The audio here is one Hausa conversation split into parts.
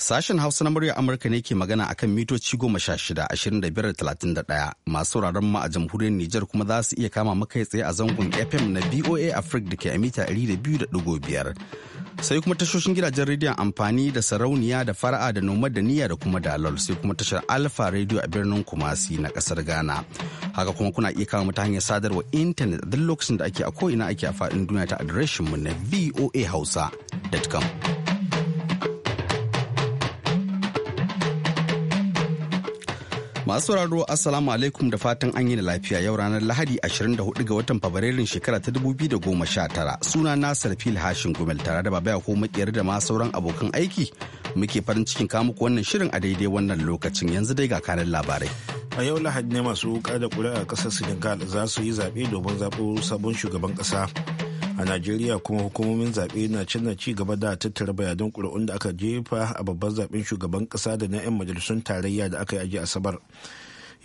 Sashen Hausa na murya Amurka ne ke magana kan mitoci goma sha shida ashirin da biyar talatin da ɗaya masu wuraren ma a jamhuriyar Nijar kuma za su iya kama makai tsaye a zangon FM na BOA Africa da ke a mita ɗari da biyu da ɗigo biyar. Sai kuma tashoshin gidajen rediyon amfani da sarauniya da fara'a da noma da niyya da kuma dalol sai kuma tashar Alfa Radio a birnin Kumasi na kasar Ghana. Haka kuma kuna iya kama ta hanyar sadarwa intanet a duk lokacin da ake a ko'ina ake a faɗin duniya ta adireshinmu na voahausa.com. Masu sauraro Assalamu alaikum da fatan an yi na lafiya yau ranar Lahadi 24 ga watan Fabrairun shekara ta 2019 suna na Sarfil Hashin Gumel tare da babaya ko makiyar da ma sauran abokan aiki muke farin cikin kamuku wannan shirin a daidai wannan lokacin yanzu dai ga kanin labarai. a yau lahadi ne masu wuka da kuri'a kasar senegal za su yi zaɓe domin zaɓo sabon shugaban ƙasa a najeriya kuma hukumomin zaɓe na cin ci gaba da tattara bayanan ƙuri'un da aka jefa a babban zaɓen shugaban ƙasa da na 'yan majalisun tarayya da aka yi asabar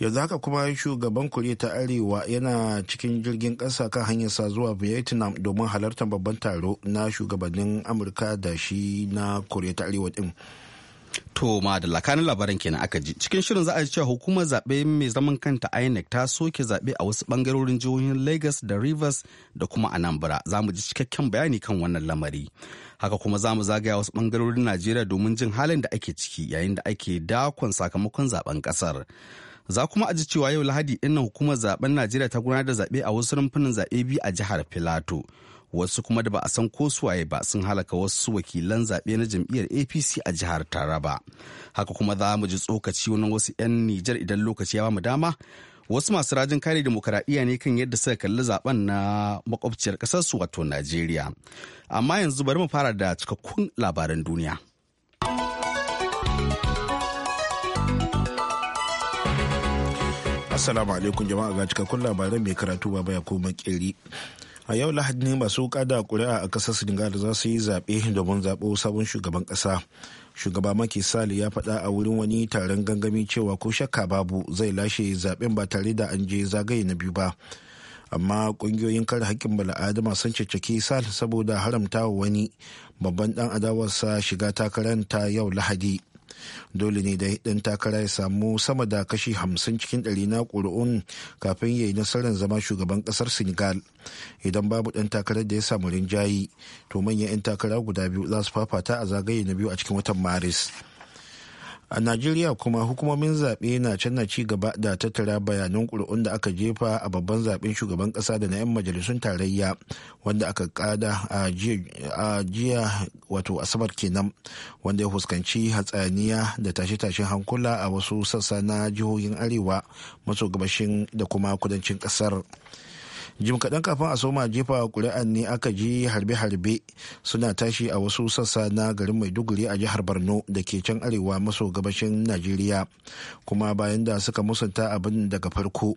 yanzu haka kuma shugaban koriya ta arewa yana cikin jirgin ƙasa kan hanyar sa zuwa vietnam domin halartar babban taro na shugabannin amurka da shi na koriya ta arewa din. To da lakanin labaran kenan aka ji. Cikin shirin za a ji cewa hukumar zaɓe mai zaman kanta INEC ta soke zaɓe a wasu ɓangarorin jihohin Lagos da Rivers da kuma Anambra. Za mu ji cikakken bayani kan wannan lamari. Haka kuma za mu zagaya wasu ɓangarorin Najeriya domin jin halin da ake ciki yayin da ake dakon sakamakon zaɓen ƙasar. Za kuma a ji cewa yau Lahadi ɗin hukumar zaɓen Najeriya ta gudanar da zaɓe a wasu rumfunan zaɓe biyu a jihar Filato. wasu kuma da ba a san ko suwaye ba sun halaka wasu wakilan zaɓe na jam'iyyar apc a jihar taraba haka kuma za mu ji tsokaci wani wasu 'yan nijar idan lokaci ya ba mu dama wasu masu rajin kare demokaradiyya ne kan yadda suka kalli zaben na makwabciyar ƙasarsu wato najeriya amma yanzu bari mu fara da cikakkun labaran duniya Assalamu alaikum jama'a ga cikakkun labaran mai karatu ba ya ko makeri. a yau lahadi ne masu kada kuri'a a kasar senegal za su yi zaɓe domin zaɓo sabon shugaban ƙasa shugaba maki sal ya faɗa a wurin wani taron gangami cewa ko shakka babu zai lashe zaɓen ba tare da an je zagaye na biyu ba amma ƙungiyoyin kare haƙƙin bala'adama sun caccaki sal saboda haramta wani babban ɗan adawarsa shiga takaranta yau lahadi dole ne da ɗan takara ya samu sama da kashi hamsin cikin ɗari na ƙuri'un kafin ya yi nasarar zama shugaban ƙasar senegal idan babu ɗan takarar da ya samu rinjayi to manyan 'yan takara guda biyu za su fafata a zagaye na biyu a cikin watan maris a najeriya kuma hukumomin zaɓe na can na ci gaba da tattara bayanan ƙuri'un da aka jefa a babban zaɓen shugaban ƙasa da na 'yan majalisun tarayya wanda aka kada a jiya wato asabar kenan wanda ya fuskanci hatsaniya da tashe-tashen hankula a wasu sassa na jihohin arewa maso gabashin da kuma kudancin ƙasar. jim kaɗan kafin a soma jefa ƙuri'an ne aka ji harbe-harbe suna tashi a wasu sassa na garin maiduguri a jihar borno da ke can arewa maso gabashin najeriya kuma bayan da suka musanta abin daga farko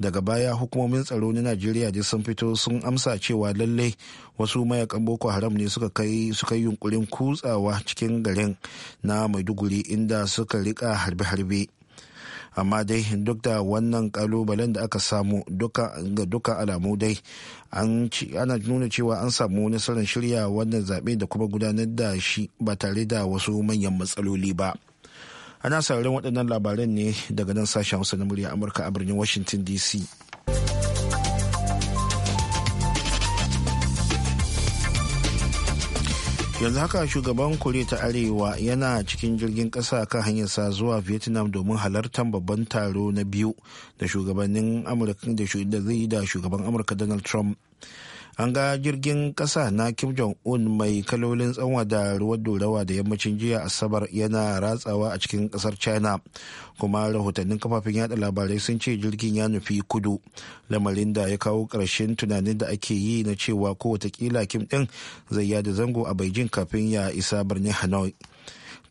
daga baya hukumomin tsaro na najeriya da sun fito sun amsa cewa lallai wasu mayakan boko haram ne suka kai suka yunkurin kutsawa cikin garin na maiduguri inda suka rika harbe-harbe amma dai duk da wannan kalubalen da aka samu ga duka alamu dai ana nuna cewa an samu nasarar shirya wannan zaɓe da kuma gudanar da shi ba tare da wasu manyan matsaloli ba ana sauraron waɗannan labaran ne daga nan sashen hausa na murya amurka a birnin washington dc yanzu haka shugaban koriya ta arewa yana cikin jirgin ƙasa kan sa zuwa vietnam domin halartar babban taro na biyu da shugabannin amurka da zai yi da shugaban amurka donald trump an ga jirgin kasa na kim jong-un mai kalolin tsanwa da ruwan dorawa da yammacin jiya asabar yana ratsawa a cikin kasar china kuma rahotannin kafafen yada labarai sun ce jirgin ya nufi kudu lamarin da ya kawo karshen tunanin da ake yi na cewa ko watakila kim din zai yada zango a beijing kafin ya isa birnin hanoi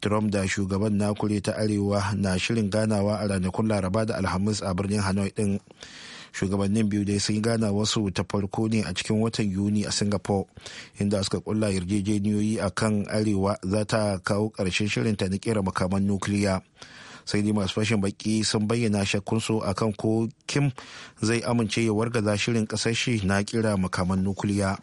Trump da shugaban na kure ta Arewa na shirin ganawa a ranakun Laraba da Alhamis a birnin Hanoi din. shugabannin biyu dai sun gana wasu ta farko ne a cikin watan yuni a singapore inda suka kulla yarjejeniyoyi a kan arewa za ta kawo ƙarshen shirinta na kera makaman nukiliya sai dai masu fashin baki sun bayyana shakkunsu a kan ko kim zai amince ya wargaza shirin ƙasashe na kira makaman nukiliya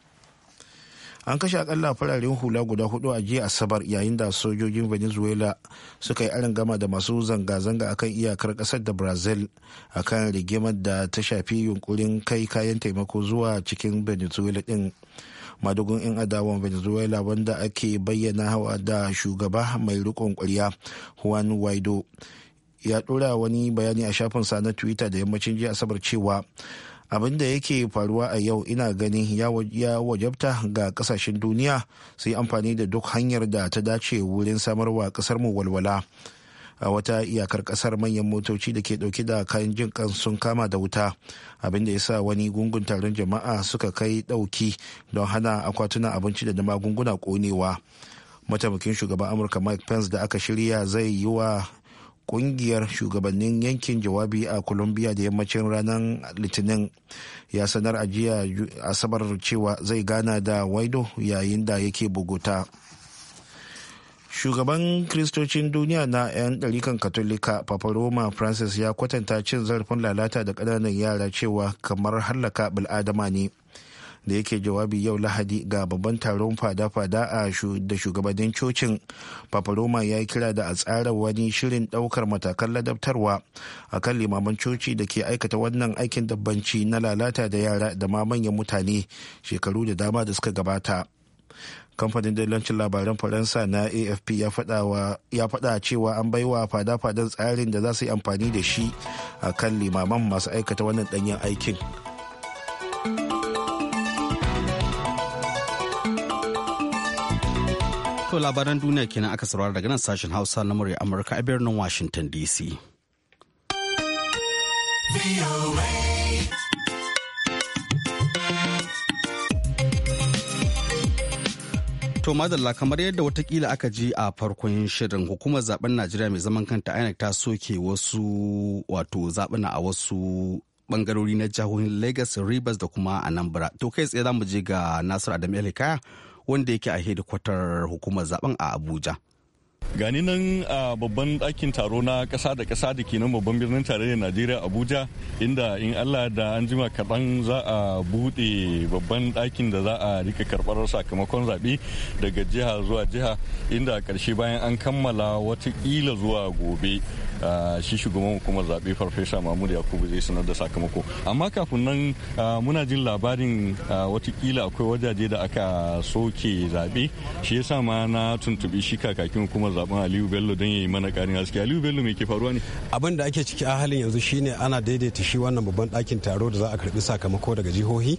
an kashe akalla fararen hula guda hudu a jiya asabar yayin da sojojin venezuela suka yi aron gama da masu zanga-zanga akan iyakar kasar da brazil akan rigimar da ta shafi yunkurin kai kayan taimako zuwa cikin venezuela din madugun 'yan adawan venezuela wanda ake bayyana hawa da shugaba mai rikon kwarya juan guaido ya ɗora wani bayani a shafinsa na twitter da yammacin jiya asabar cewa abin da yake faruwa a yau ina ganin ya wajabta ga kasashen duniya su yi amfani da duk hanyar da ta dace wurin samarwa kasar mu walwala a wata iyakar kasar manyan motoci da ke dauke da kayan jin kan sun kama da wuta abin da ya sa wani gungun taron jama'a suka kai dauki don hana akwatunan abinci da magunguna konewa mataimakin shugaban amurka mike pence da aka shirya zai yi wa kungiyar shugabannin yankin jawabi a colombia da yammacin ranar litinin ya sanar a jiya asabar cewa zai gana da waido yayin da yake bogota shugaban kristocin duniya na 'yan ɗarikan katolika papa roma francis ya kwatanta cin zarafin lalata da ƙananan yara cewa kamar hallaka bil'adama ne da yake jawabi yau lahadi ga babban taron fada-fada a da shugabannin cocin paparoma ya yi kira da a tsara wani shirin daukar matakan ladabtarwa a kan limaman coci da ke aikata wannan aikin dabbanci na lalata da yara da ma manyan mutane shekaru da dama da suka gabata kamfanin dalilancin labaran faransa na afp ya fada cewa an baiwa fada-fadan tsarin da za su yi amfani da shi a kan limaman masu aikata wannan ɗanyen aikin. labaran duniya kenan aka saurara daga nan sashen Hausa na murya Amurka a birnin Washington DC. To madalla kamar yadda watakila aka ji a farkon shirin hukumar zaben Najeriya mai zaman kanta INEC ta soke wasu wato zaɓena a wasu bangarori na jihohin Lagos, Rivers da kuma Anambra. To kai tsaye za mu je ga Nasiru Adam Elikaya wanda yake a hedikwatar hukumar zaben a abuja gani nan a babban ɗakin taro na ƙasa da ƙasa da ke nan babban birnin tarayyar najeriya abuja inda in allah da an jima kaɗan za a buɗe babban ɗakin da za a rika karɓar sakamakon zaɓe daga jiha zuwa jiha inda a ƙarshe bayan an kammala watakila zuwa gobe shi shugaban hukumar zaɓe farfesa mahmud yakubu zai sanar da sakamako amma kafin nan muna jin labarin watakila akwai wajaje da aka soke zaɓe shi yasa ma na tuntuɓi shi kakakin hukumar hukumar zaben Aliyu Bello don ya yi mana karin haske Aliyu Bello mai ke faruwa ne abin da ake ciki a halin yanzu shine ana daidaita shi wannan babban ɗakin taro da za a karbi sakamako daga jihohi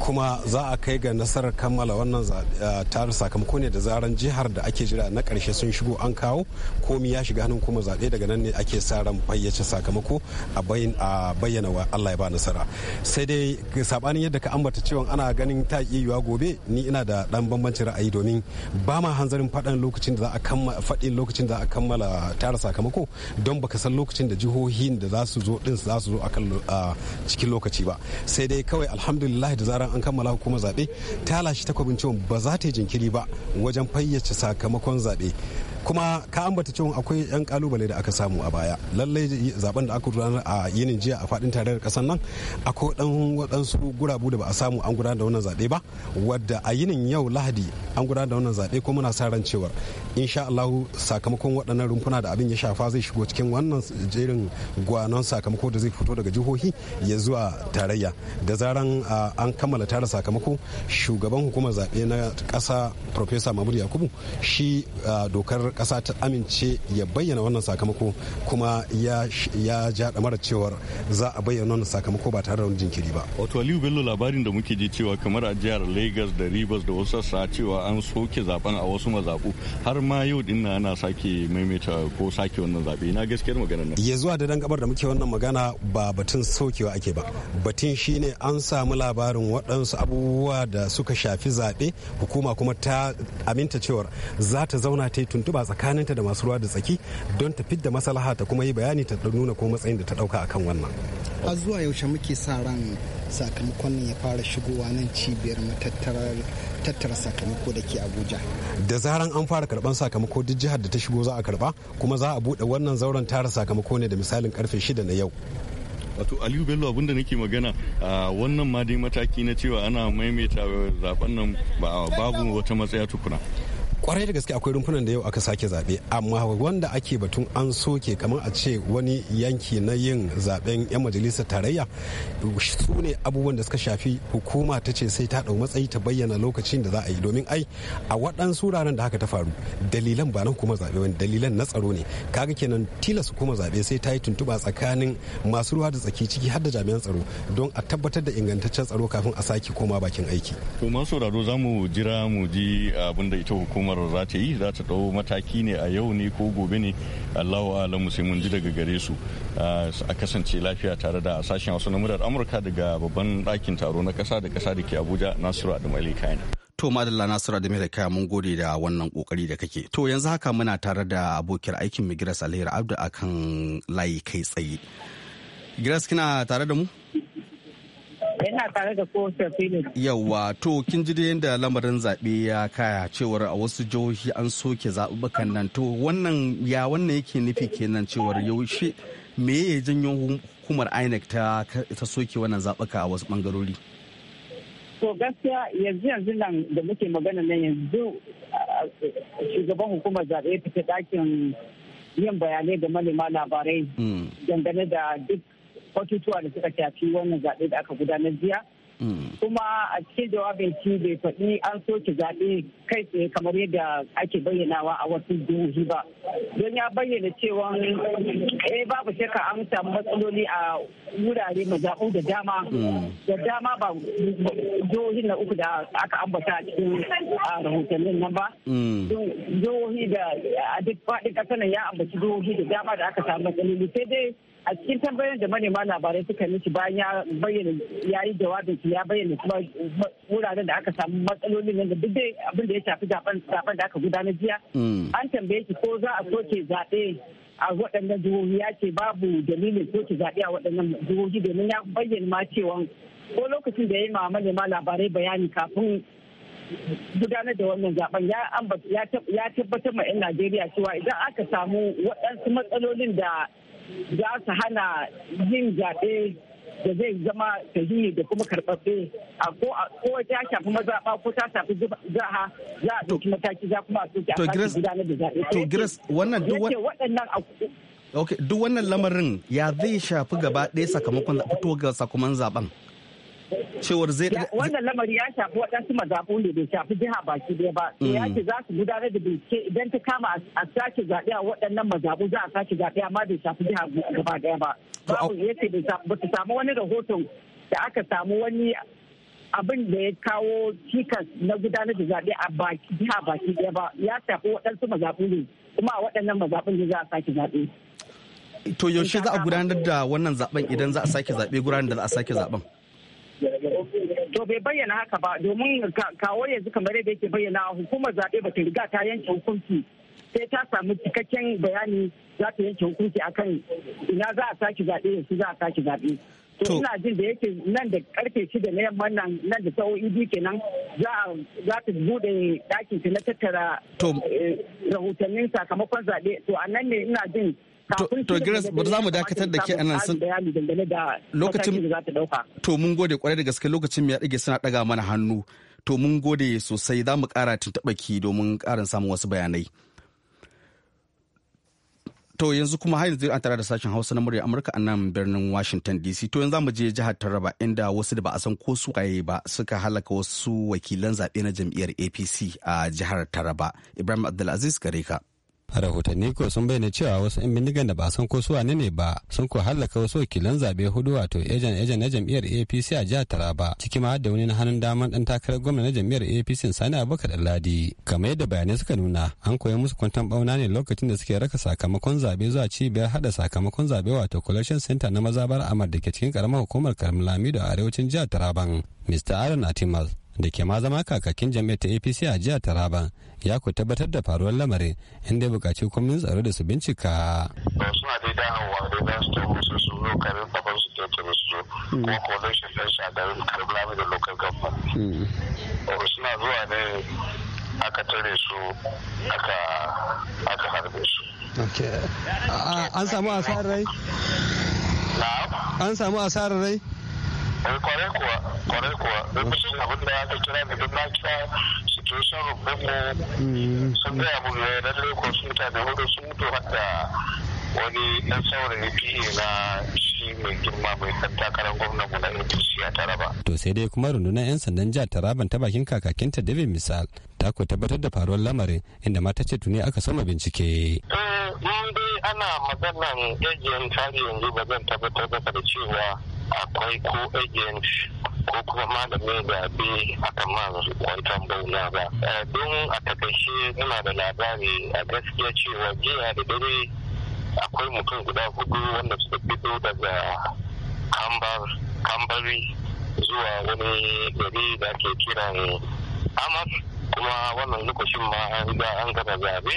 kuma za a kai ga nasarar kammala wannan eh, tarin sakamako ne da zaran jihar da ake jira na karshe sun shigo an kawo komi ya shiga hannun kuma zaɓe daga nan ne ake sa ran fayyace sakamako a bayyana wa Allah ya ba nasara sai dai sabanin yadda ka ambata cewa ana ganin ta yiwuwa gobe ni ina da ɗan bambancin ra'ayi domin ba ma hanzarin faɗan lokacin da za a kammala faɗi lokacin da a kammala tara sakamako don baka san lokacin da jihohin da za su zo din za su zo a cikin lokaci ba sai dai kawai alhamdulillah da zaran an kammala kuma zaɓe ta lashe takwabin cewa ba za ta yi jinkiri ba wajen fayyace sakamakon zaɓe kuma ka ambata cewa akwai yan kalubale da aka samu a baya lallai zaben da aka gudanar a yinin jiya a fadin tarayyar kasar nan akwai dan waɗansu gurabu da ba a samu an gudanar da wannan zaɓe ba wadda a yinin yau lahadi an gudanar da wannan zaɓe kuma muna sa ran cewa insha allahu sakamakon waɗannan rumfuna da abin ya shafa zai shigo cikin wannan jerin gwanon sakamako da zai fito daga jihohi ya zuwa tarayya da zaran an kammala tara sakamako shugaban hukumar zaɓe na ƙasa profesa mamudu yakubu shi dokar kasa ta amince ya bayyana wannan sakamako kuma ya ja mara cewar za a bayyana wannan sakamako ba tare da wani jinkiri ba wato aliyu bello labarin da muke ji cewa kamar a jihar lagos da rivers da wasu sassa cewa an soke zaben a wasu mazaɓu har ma yau din na ana sake maimaita ko sake wannan zaɓe na gaskiyar magana nan ya zuwa da dan gabar da muke wannan magana ba batun sokewa ake ba batun shine an samu labarin waɗansu abubuwa da suka shafi zaɓe hukuma kuma ta aminta cewar za ta zauna ta yi tuntuba tuntuɓa tsakaninta da masu ruwa da tsaki don ta fidda maslaha ta kuma yi bayani ta nuna ko matsayin da ta ɗauka akan wannan. a zuwa yaushe muke sa ran sakamakon ya fara shigowa nan cibiyar tattara sakamako da ke abuja da zaran an fara karban sakamako duk jihar da ta shigo za a karba kuma za a bude wannan zauren tara sakamako ne da misalin karfe shida na yau wato aliyu bello abinda nake magana a wannan ma dai mataki na cewa ana maimaita zaben nan babu wata matsaya tukuna kwarai da gaske akwai rumfunan da yau aka sake zaɓe amma wanda ake batun an soke kamar a ce wani yanki na yin zaben 'yan majalisar tarayya su ne abubuwan da suka shafi hukuma ta ce sai ta ɗau matsayi ta bayyana lokacin da za a yi domin ai a waɗansu wuraren da haka ta faru dalilan ba na hukumar zaɓe wani dalilan na tsaro ne kaga kenan tilas hukumar zaɓe sai ta yi tuntuɓa tsakanin masu ruwa da tsaki ciki har da jami'an tsaro don a tabbatar da ingantaccen tsaro kafin a sake koma bakin aiki. to masu sauraro za mu jira mu ji abin da ita hukuma hukumar za ta yi za ta ɗau mataki ne a yau ne ko gobe ne allahu alamu sai mun ji daga gare su a kasance lafiya tare da sashen wasu namurar amurka daga babban dakin taro na kasa da kasa da ke abuja nasiru adamali kayan to madalla nasiru adamali kaya mun gode da wannan kokari da kake to yanzu haka muna tare da abokiyar aikin migiras alheri abdu akan layi kai tsaye giras kina tare da mu yana tare da kowace filin. Yawwa to kin ji yadda lamarin zaɓe ya kaya cewar a wasu jihohi an soke zaɓuɓɓukan nan to wannan ya wannan yake nufi kenan cewar yaushe me ya janyo hukumar INEC ta soke wannan zaɓuka a wasu ɓangarori. To gaskiya yanzu yanzu nan da muke magana nan yanzu shugaban hukumar zaɓe fita ɗakin yin bayanai da manema labarai mm. dangane da duk batutuwa da suka shafi wannan zaɓe da aka gudanar jiya hmm. kuma a cikin jawabin shi bai faɗi an soke zaɓe kai tsaye kamar yadda ake bayyanawa a wasu jihohi ba don ya bayyana cewa eh babu shakka an samu matsaloli a wurare mazaɓu da dama hmm. da dama ba jihohin na uku da aka ambata a cikin rahotannin nan ba hmm. jihohi da a duk faɗin ƙasar ya ambaci jihohi da dama da aka samu matsaloli sai dai a cikin tambayoyin da manema labarai suka mishi bayan ya bayyana ya yi jawabin ya bayyana kuma wuraren da aka samu matsalolin na da duk dai abin da ya shafi zaben da aka gudanar jiya mm. an tambaye ki ko za a soke zaɓe a waɗannan jihohi ya ce babu dalilin soke zaɓe a waɗannan jihohi domin ya bayyana ma cewa ko lokacin da ya yi ma manema labarai bayani kafin gudanar da wannan zaben ya tabbatar ma 'yan Najeriya cewa idan aka samu waɗansu matsalolin da za su hana yin zaɓe da zai zama sahihi da kuma karɓaɓɓe a ko ko ta shafi mazaɓa ko ta shafi jaha za a ɗauki mataki za kuma a soke a sake gudanar da zaɓe. To Grace wannan duk waɗannan Ok, duk wannan lamarin ya zai shafi gaba ɗaya sakamakon fito ga sakamakon zaben. cewar zai wannan lamari ya shafi waɗansu mazaɓu ne bai shafi jiha baki ɗaya ba sai mm. ya ce za su gudanar da bincike idan ta kama a sake zaɓe a waɗannan mazaɓu za a sake zaɓe amma bai shafi jiha gaba ɗaya ba babu ya ce ba su samu wani rahoton da aka samu wani abin da ya kawo cikas na gudanar da zaɓe a jiha baki ɗaya ba ya shafi waɗansu mazaɓu ne kuma a waɗannan mazaɓun ne za a sake zaɓe. To yaushe za a gudanar da wannan zaɓen idan za a sake zaɓe gudanar da za a sake zaɓen? To bai bayyana haka ba domin kawo yanzu kamar yadda yake bayyana hukumar zaɓe ba ta riga ta yanke hukunci sai ta samu cikakken bayani za ta yanke hukunci akan ina za a sake zaɓe yanzu za a sake zaɓe. To ina jin da yake nan da karfe shida na yamma nan nan da sa'o'i biyu kenan za za ta bude ɗakin ta na tattara eh, rahotannin sakamakon zaɓe to a nan ne ina jin to Grace ba za mu dakatar da ke anan sun lokacin to mun gode kwarai da gaske lokacin mu ya dage suna daga mana hannu to mun gode sosai za mu kara tuntuɓa ki domin karin samun wasu bayanai to yanzu kuma har zai an tara da sashen hausa na murya amurka a nan birnin washington dc to yanzu za mu je jihar taraba inda wasu da ba a san ko su ba suka halaka wasu wakilan zaɓe na jam'iyyar apc a jihar taraba ibrahim abdulaziz gare ka rahotanni ko sun bayyana cewa wasu 'yan bindigan da ba san ko su ne ba sun ko hallaka wasu wakilan zabe hudu wato ejan ejan na jam'iyyar apc a jihar taraba ciki ma da wani na hannun daman dan takarar gwamna na jam'iyyar apc sani abubakar ladi kamar yadda bayanai suka nuna an koyi musu kwantan bauna ne lokacin da suke raka sakamakon zabe zuwa cibiyar hada sakamakon zabe wato collection center na mazabar amar da ke cikin karamar hukumar lamido da arewacin jihar taraban mr aaron atimas da ke ma zama kakakin jami'ar ta apc a jihar taraba ya ku tabbatar da faruwar lamarin inda ya buƙaci kwamitin tsaro da su bincika. suna dai hawa dai za su tafi su su zo karin tabar su ta tafi su zo hmm. kuma coalition ɗin shi a garin karbala da local government. Hmm. suna zuwa ne aka tare su aka aka harbe su. an samu asarar rai? an samu asarar rai? Eh, kware kuwa kware kuwa don mutum abin da aka kira ne don na kira situation rubin mu mm. sun gaya mu ne eh, lallai ko sun mutane hudu sun mutu hadda wani ɗan saurayi PA na shi mai girma mai kan takarar gwamnan mu na APC a Taraba. To sai dai kuma rundunar 'yan sandan jihar Taraban ta bakin kakakinta David Misal ta ku tabbatar da faruwar lamarin inda mata ce tuni aka soma bincike. Eh, dai ana maganan yajiyan tari yanzu ba zan tabbatar da cewa akwai ko agent ko kuma malamin zaɓe a kamar kwantar bauna ba eh, don a takaice muna da labari a gaskiya cewa jiya da dare akwai mutum guda hudu wanda suka fito daga kambari zuwa wani gari da ke kiran amas kuma wannan lokacin ma an an gaba zaɓe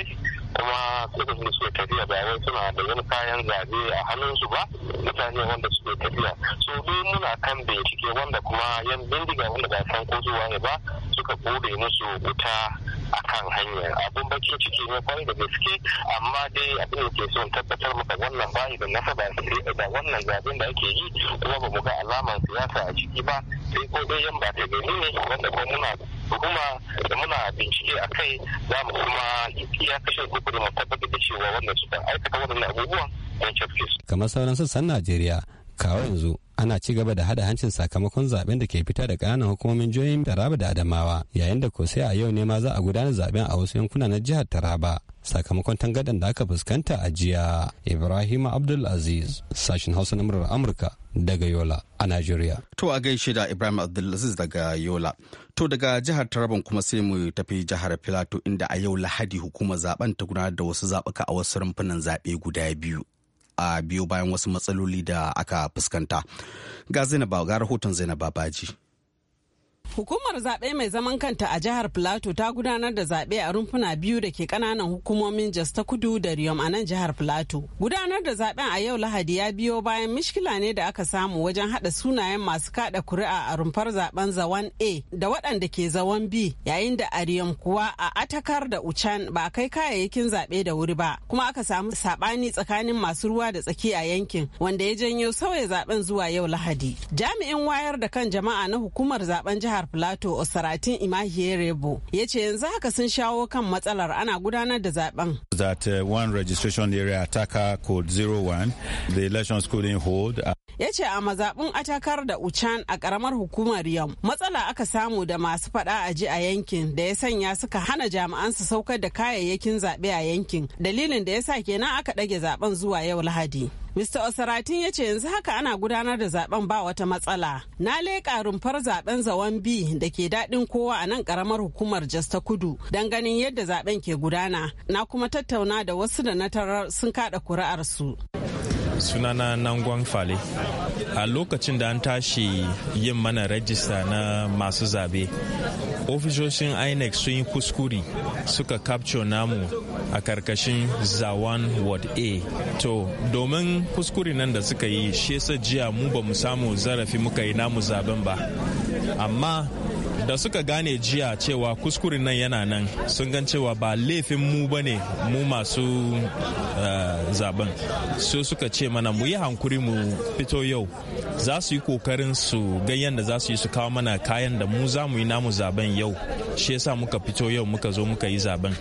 kuma lokacin da suke tafiya ba wai suna da wani kayan zabe a hannunsu ba mutane wanda suke tafiya so dai muna kan bincike wanda kuma yan bindiga wanda ba san ko zuwa ne ba suka bude musu wuta akan hanyar abun bakin ciki ne kwarai da gaske amma dai abin da ke son tabbatar maka wannan bayi da nasaba da wannan zaben da ake yi kuma ba mu ga alamar siyasa a ciki ba sai ko dai yan ba ta gani ne wanda ko muna hukuma da muna bincike a kai za mu kuma iya kashe kukuri mu tabbatar da cewa wanda suka aikata waɗannan abubuwan don cafke su. kamar sauran sassan najeriya kawo yanzu ana ci gaba da hada hancin sakamakon zaben da ke fita da kananan hukumomin jihohin taraba da adamawa yayin da ko sai a yau ne ma za a gudanar zaben a wasu yankuna na jihar taraba sakamakon tangadan da aka fuskanta a jiya ibrahim abdulaziz sashen hausa na murar amurka daga yola a Najeriya. to a gaishe da ibrahim abdulaziz daga yola to daga jihar taraban kuma sai mu tafi jihar filato inda a yau lahadi hukumar zaben ta gudanar da wasu zaɓuka a wasu rumfunan zaɓe guda biyu a biyo bayan wasu matsaloli da aka fuskanta ga zainaba ga rahoton zainaba baji Hukumar zaɓe mai zaman kanta a jihar Filato ta gudanar da zaɓe a rumfuna biyu da ke ƙananan hukumomin Jos ta Kudu da Riyom a nan jihar Filato. Gudanar da zaɓen a yau Lahadi ya biyo bayan mishkila ne da aka samu wajen haɗa sunayen masu kaɗa kuri'a a rumfar zaɓen zawan A da waɗanda ke zawan B yayin da a Riyom kuwa a Atakar da Uchan ba a kai kayayyakin zaɓe da wuri ba kuma aka samu saɓani tsakanin masu ruwa da tsaki a yankin wanda ya janyo sauya zaɓen zuwa yau Lahadi. Jami'in wayar da kan jama'a na hukumar zaɓen jihar jihar Plateau Osaratin Imahierebo ya ce yanzu haka sun shawo kan matsalar ana gudanar da zaben. That uh, one registration area Ataka code 01 the elections couldn't hold. Uh, ya ce a mazaɓin atakar da Uchan a ƙaramar hukumar Yam matsala aka samu da masu faɗa a ji a yankin da ya sanya suka hana jami'an su saukar da kayayyakin zaɓe a yankin dalilin da ya sa kenan aka ɗage zaben zuwa yau Lahadi. Mr. Osaratin ya ce yanzu haka ana gudanar da zaben ba wata matsala. Na leƙa rumfar zaben zawan bi da ke daɗin kowa a nan ƙaramar hukumar Jos ta Kudu don ganin yadda zaben ke gudana. Na kuma tattauna da wasu da na tarar sun kaɗa kuri'arsu. sunana nangon fale a lokacin da an tashi yin mana rajista na masu zabe ofisoshin inec sun yi kuskuri suka capture namu a karkashin zawan ward a to domin kuskuri nan da suka yi shesa jiya mu ba mu samu zarafi muka yi namu zaben ba amma da suka gane jiya cewa kuskurin nan yana nan sun gan cewa ba laifin mu ba ne mu masu eh, zaben so suka ce mana mu yi hankuri mu fito yau za su yi kokarin su ga yadda za su yi su kawo mana kayan da mu za mu yi namu zaben yau shi yasa muka fito yau muka zo muka yi zaben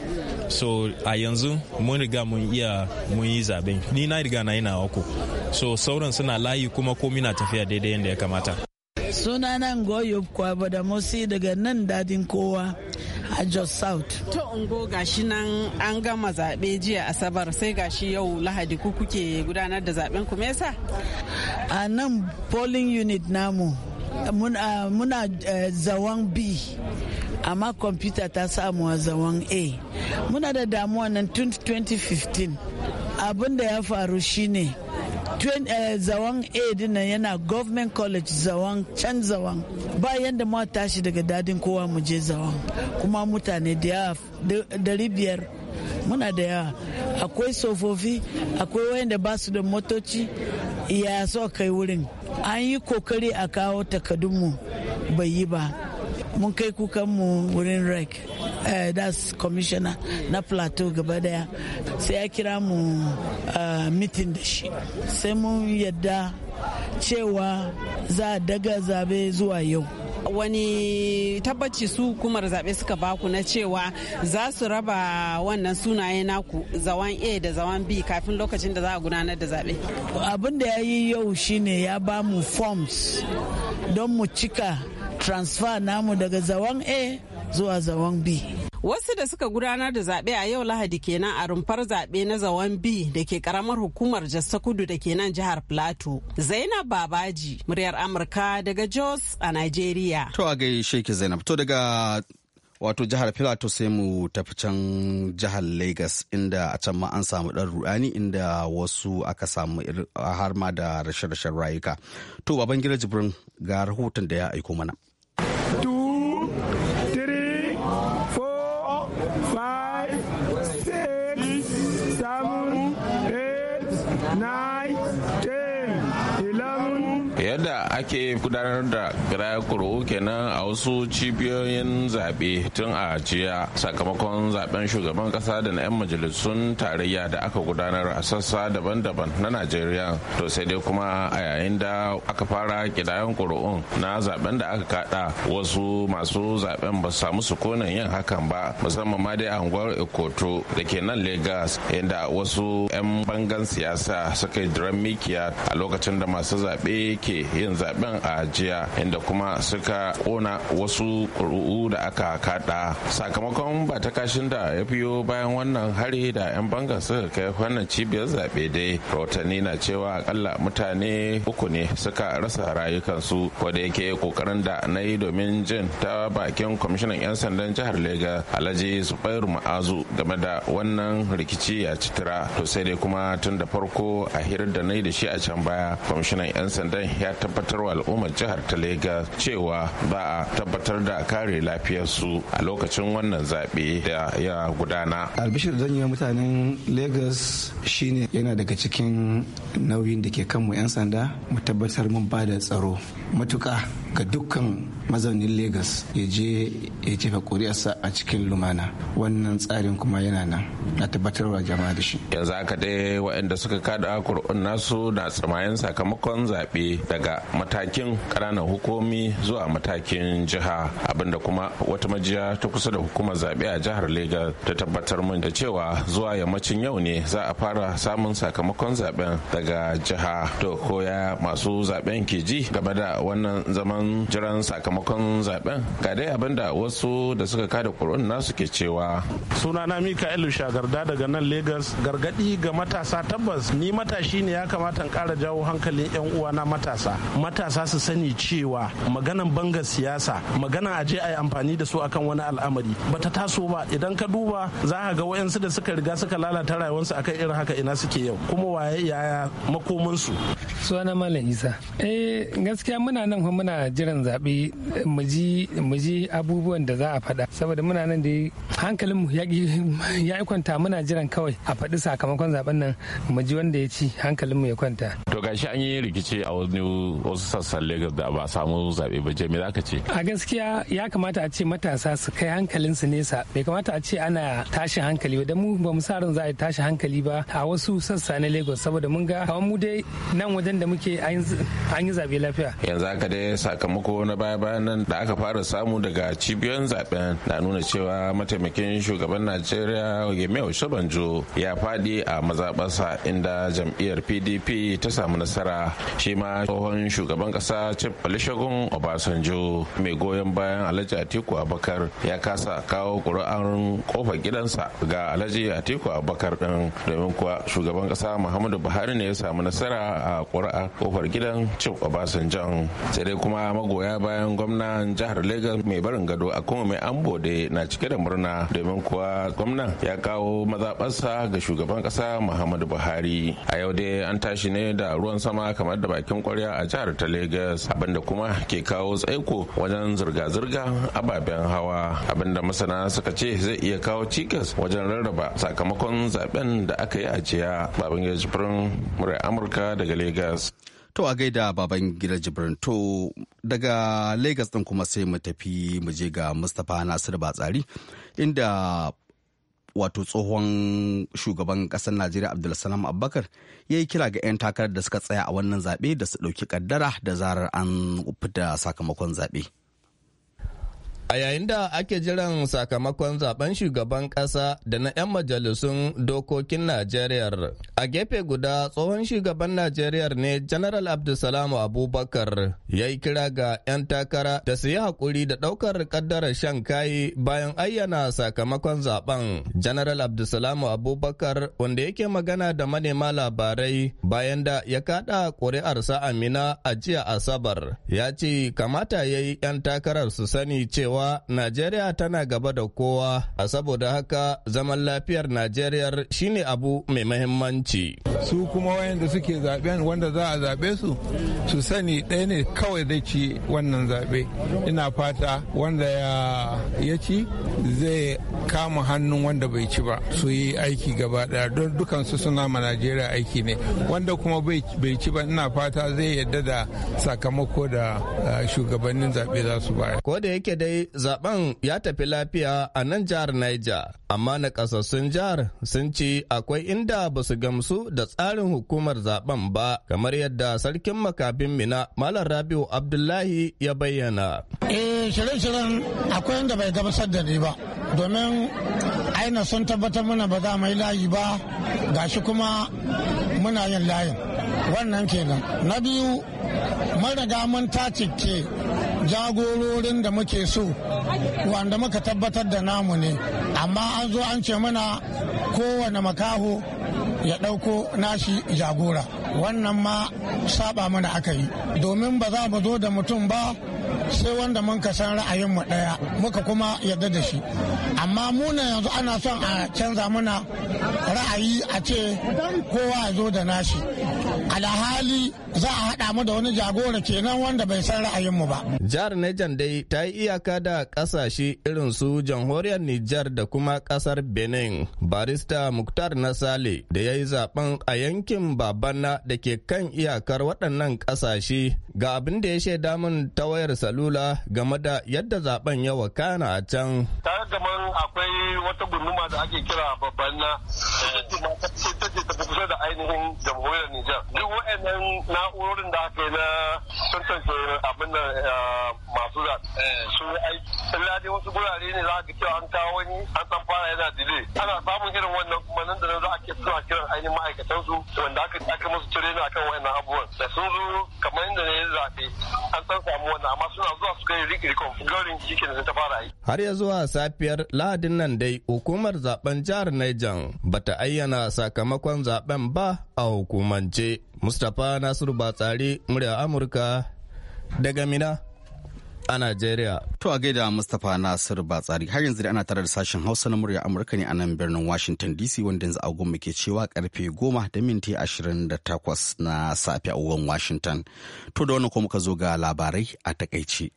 so a yanzu mun riga mun iya mun yi zaben ni na riga na yi nawa so sauran suna layi kuma komi na tafiya daidai yadda ya kamata sunanan goyo kwaba da musi daga nan dadin kowa a jos south to ungo gashi nan an gama zaɓe jiya asabar sai gashi yau lahadi ku kuke gudanar da zaɓen ku yasa a nan polling unit namu muna, muna eh, zawan b amma kwamfuta ta samu a zawan a muna da damuwa nan 2015 abin da ya faru shine Eh, zawan a dinnan yana government college zawon can zawon. ba yadda ma tashi daga dadin kowa mu je zawon kuma mutane da dari biyar muna da yawa akwai sofofi akwai wayanda ba su da motoci ya so kai wurin an yi kokari a kawo takadunmu bai yi ba mun kai kukan mu wurin rec das eh, commissioner na plateau gaba daya sai ya kira mu eh, mitin da shi sai mun yadda cewa za a daga zabe zuwa yau wani tabbaci su hukumar zaɓe suka baku na cewa za su raba wannan sunaye naku zawan a da zawan b kafin lokacin da za a gudanar da zaɓe abin da ya yi yau shine ya ba mu forms don mu cika transfer namu daga zawan a zuwa zawan b wasu da suka gudanar da zaɓe a yau lahadi kenan a rumfar zaɓe na zawan b da ke karamar hukumar jos kudu da ke nan jihar plateau zainab babaji muryar amurka daga jos a Najeriya. to a gai Sheki zainab to daga wato jihar filato sai mu tafi can jihar lagos inda a can ma an samu ɗan ruɗani inda wasu aka samu har ma da rashe-rashen rayuka to baban gida jibrin ga rahoton da ya aiko mana three, four, five. ake gudanar da kiraya kuri'u kenan a wasu cibiyoyin zaɓe tun a jiya sakamakon zaɓen shugaban ƙasa da na 'yan majalisun tarayya da aka gudanar a sassa daban-daban na najeriya to sai dai kuma a yayin da aka fara kidayen kuri'un na zaɓen da aka kaɗa wasu masu zaɓen ba samu sukunan yin hakan ba musamman ma dai a unguwar ikoto da ke nan lagos inda wasu 'yan bangan siyasa suka yi mikiya a lokacin da masu zaɓe ke yin zaɓe zaben a jiya inda kuma suka kona wasu ƙuri'u da aka kada sakamakon ba ta kashin da ya fiyo bayan wannan hari da 'yan banga suka kai wannan cibiyar zaɓe dai rahotanni na cewa akalla mutane uku ne suka rasa rayukansu ko yake kokarin da na yi domin jin ta bakin kwamishinan 'yan sandan jihar lega alhaji zubairu ma'azu game da wannan rikici a citira to sai dai kuma tun da farko a hirar da na yi da shi a can baya kwamishinan 'yan sandan ya tabbatar tabbatarwa al'ummar jihar ta Legas cewa ba a tabbatar da kare lafiyar su a lokacin wannan zaɓe da ya gudana. Albishir zan yi mutanen Legas shine yana daga cikin nauyin da ke kanmu 'yan sanda mu tabbatar mun ba da tsaro matuka ga dukkan mazaunin Legas ya je ya jefa sa a cikin lumana wannan tsarin kuma yana nan na tabbatarwa jama'a da shi. Yanzu haka dai waɗanda suka kada kur'un nasu na tsamayin sakamakon zaɓe daga matakin ƙananan hukumi zuwa matakin jiha abinda kuma wata majiya ta kusa da hukumar zaɓe a jihar Legas ta tabbatar min da cewa zuwa yammacin yau ne za a fara samun sakamakon zaben daga jiha to koya masu zaben ke ji game da wannan zaman jiran sakamakon zaben ga dai abinda wasu da suka kada kur'un nasu ke cewa sunana mika'ilu shagarda daga nan Legas gargadi ga matasa tabbas ni matashi ne ya kamata in kara jawo hankalin yan uwa na matasa matasa su sani cewa maganan banga siyasa magana aje a yi amfani da su akan wani al'amari bata taso ba idan ka duba za ka ga wayansu da suka riga suka lalata rayuwarsu akan irin haka ina suke yau kuma waye yaya makomansu suna malam isa eh gaskiya muna nan muna jiran zaɓe mu ji abubuwan da za a faɗa saboda muna nan da hankalin mu ya kwanta muna jiran kawai a faɗi sakamakon zaben nan mu ji wanda ya ci hankalin mu ya kwanta to gashi an yi rikici a wasu sassan Lagos da ba samu zaɓe ba me za ka ce? A gaskiya ya kamata a ce matasa su kai hankalinsu nesa bai kamata a ce ana tashi hankali ba don mu ba mu sa ran za a tashi hankali ba a wasu sassa na Lagos saboda mun ga kawai mu dai nan wajen da muke an yi zaɓe lafiya. Yanzu haka dai sakamako na baya-bayan nan da aka fara samu daga cibiyoyin zaben na nuna cewa mataimakin shugaban Najeriya Yemi shabanjo ya faɗi a mazaɓarsa inda jam'iyyar PDP ta samu nasara shi ma tsohon shugaban shugaban kasa chief olusegun obasanjo mai goyon bayan alhaji atiku abakar ya kasa kawo ƙuri'an kofar gidansa ga alhaji atiku abakar din domin kuwa shugaban kasa muhammadu buhari ne ya samu nasara a kuri'a kofar gidan chief obasanjo sai dai kuma magoya bayan gwamnan jihar lagos mai barin gado a kuma mai ambode na cike da murna domin kuwa gwamnan ya kawo mazaɓarsa ga shugaban kasa muhammadu buhari a yau dai an tashi ne da ruwan sama kamar da bakin kwarya a jihar ta Legas abinda kuma ke kawo tsaiko wajen zirga-zirga ababen hawa abinda masana suka ce zai iya kawo cikas wajen rarraba sakamakon zaben da aka yi a jiya Babangida Jibrin murai Amurka daga Legas. To a gaida Babangida Jibrin to daga Legas din kuma sai mu tafi mu je ga Mustapha Nasiru Batsari inda wato tsohon shugaban ƙasar najeriya abdulsalam abubakar ya yi kira ga 'yan takarar da suka tsaya a wannan zaɓe da su ɗauki ƙaddara da zarar an fita sakamakon zaɓe. A yayin da ake jiran sakamakon zaben shugaban ƙasa da na 'yan majalisun dokokin Najeriya. A gefe guda tsohon shugaban Najeriya ne General Abdulsalam Abubakar ya yi kira ga 'yan takara da su yi haƙuri da ɗaukar ƙaddarar shan kayi bayan ayyana sakamakon zaben. General Abdulsalam Abubakar wanda yake magana da manema labarai bayan da ya kaɗa ƙuri'arsa Amina a jiya Asabar ya ce kamata ya yi 'yan takarar su sani cewa cewa Najeriya tana gaba da kowa, a saboda haka zaman lafiyar Najeriya shine abu mai mahimmanci. Su kuma wayanda suke zaben wanda za a zaɓe su, su sani ɗaya ne kawai da ci wannan zaɓe. Ina fata wanda ya ci zai kama hannun wanda bai ci ba su yi aiki gaba ɗaya don dukansu suna ma Najeriya aiki ne. Wanda kuma bai ci ba ina fata zai yadda da sakamako da eh, shugabannin zaɓe za su bayar. Ko da yake dai zaben ya tafi lafiya a nan jihar Niger, amma na kasassun jihar sun ce akwai inda ba su gamsu da tsarin hukumar zaben ba, kamar yadda sarkin makafin Mina Malam Rabiu Abdullahi ya bayyana. Eh, shirye-shiryen akwai inda bai gamsar da ni ba, domin aina sun tabbatar mana ba za mu yi layi ba, gashi kuma muna yin layin. Wannan kenan. Na biyu, mun riga mun tace jagororin da muke so wanda muka tabbatar da namu ne amma an zo an ce mana kowane makaho ya ɗauko nashi jagora wannan ma saba mana aka yi domin ba za mu zo da mutum ba sai wanda mun ka san mu ɗaya muka kuma yarda da shi amma na yanzu ana son a canza muna ra'ayi a ce kowa ya zo da nashi alhali za a haɗa mu da wani jagora kenan wanda bai san ra'ayin mu ba jihar Niger dai ta yi iyaka da kasashe irin su jamhuriyar Nijar da kuma kasar Benin barista Muktar Nasale da ya yi zaben a yankin Babana da ke kan iyakar waɗannan kasashe ga abin da ya shaida min ta wayar salu Salula game da yadda zaben ya wakana a can. Tare da man akwai wata gunduma da ake kira babban na eh, kusa da ainihin jamhuriyar Nijar. Duk wa'annan na'urorin da aka yi na tantance abin da eh, masu da eh, su aiki. Illa wasu gurare ne za ka cewa an kawo wani an san fara yana dile. Ana samun irin wannan kuma nan da nan za a ke suna kiran ainihin ma'aikatan su wanda aka aka musu tirena akan wayannan abubuwan da sun zo kamar inda ne zaɓe an san samu wannan amma suna zuwa su kai reconfiguring shike da ta fara yi. Har ya zuwa safiyar Lahadin nan dai hukumar zaben jihar Niger bata ayyana sakamakon zaben ba a hukumance. Mustapha Nasiru Batsari, murya Amurka daga Mina a Najeriya. To a gaida Mustapha Nasir Batsari har yanzu da ana tare da sashen Hausa na murya Amurka ne a nan birnin Washington DC wanda yanzu agon ke cewa karfe goma da minti ashirin na safe a wurin Washington. To da wani kuma ka zo ga labarai a takaice.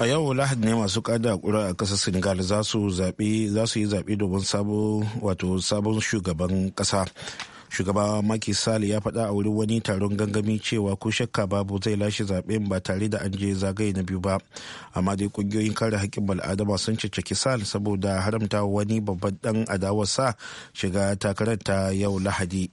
a yau lahadi ne masu kada kura a kasar senegal za su yi zaɓe domin sabon shugaban ƙasa shugaba maki sali ya faɗa a wurin wani taron gangami cewa ko shakka babu zai lashe zaɓen ba tare da an je zagaye na biyu ba amma dai ƙungiyoyin kare haƙƙin bal'adama sun cicciki sal saboda haramta wani babban ɗan adawarsa shiga takarar ta yau lahadi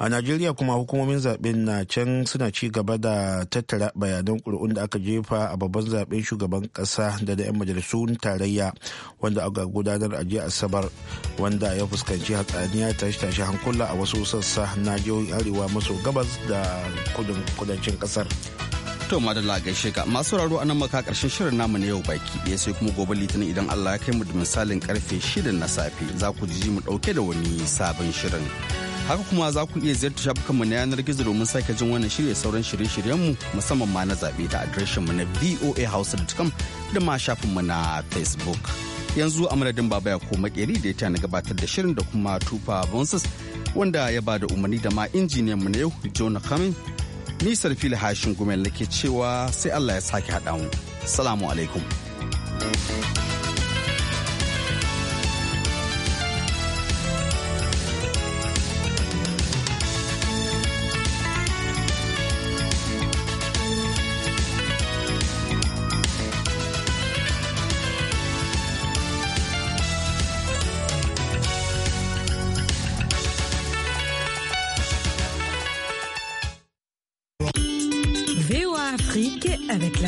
a najeriya kuma hukumomin zaben na can suna ci gaba da tattara bayanan ƙuri'un da aka jefa a babban zaben shugaban ƙasa da da 'yan majalisun tarayya wanda aka gudanar a jiya asabar wanda ya fuskanci hatsaniya shi tashi hankula a wasu sassa na jihohi arewa maso gabas da kudancin ƙasar to madalla gaishe ka masu raro a nan maka karshen shirin namu na yau baki ɗaya sai kuma gobe litinin idan Allah ya kai mu da misalin karfe shida na safe za ku ji mu ɗauke da wani sabon shirin. haka kuma za ku iya ziyarta shafukanmu na yanar gizo domin sake jin wannan shirye sauran shirye mu musamman ma na zaɓe da mu na voahouse.com da ma shafin mu na facebook yanzu a madadin baba ya koma Keri da ya na gabatar da shirin da kuma tufa bonsus wanda ya bada umarni da ma mu na yau jona kamin ni sarfila hashin gumel nake cewa sai allah ya sake haɗa mu salamu alaikum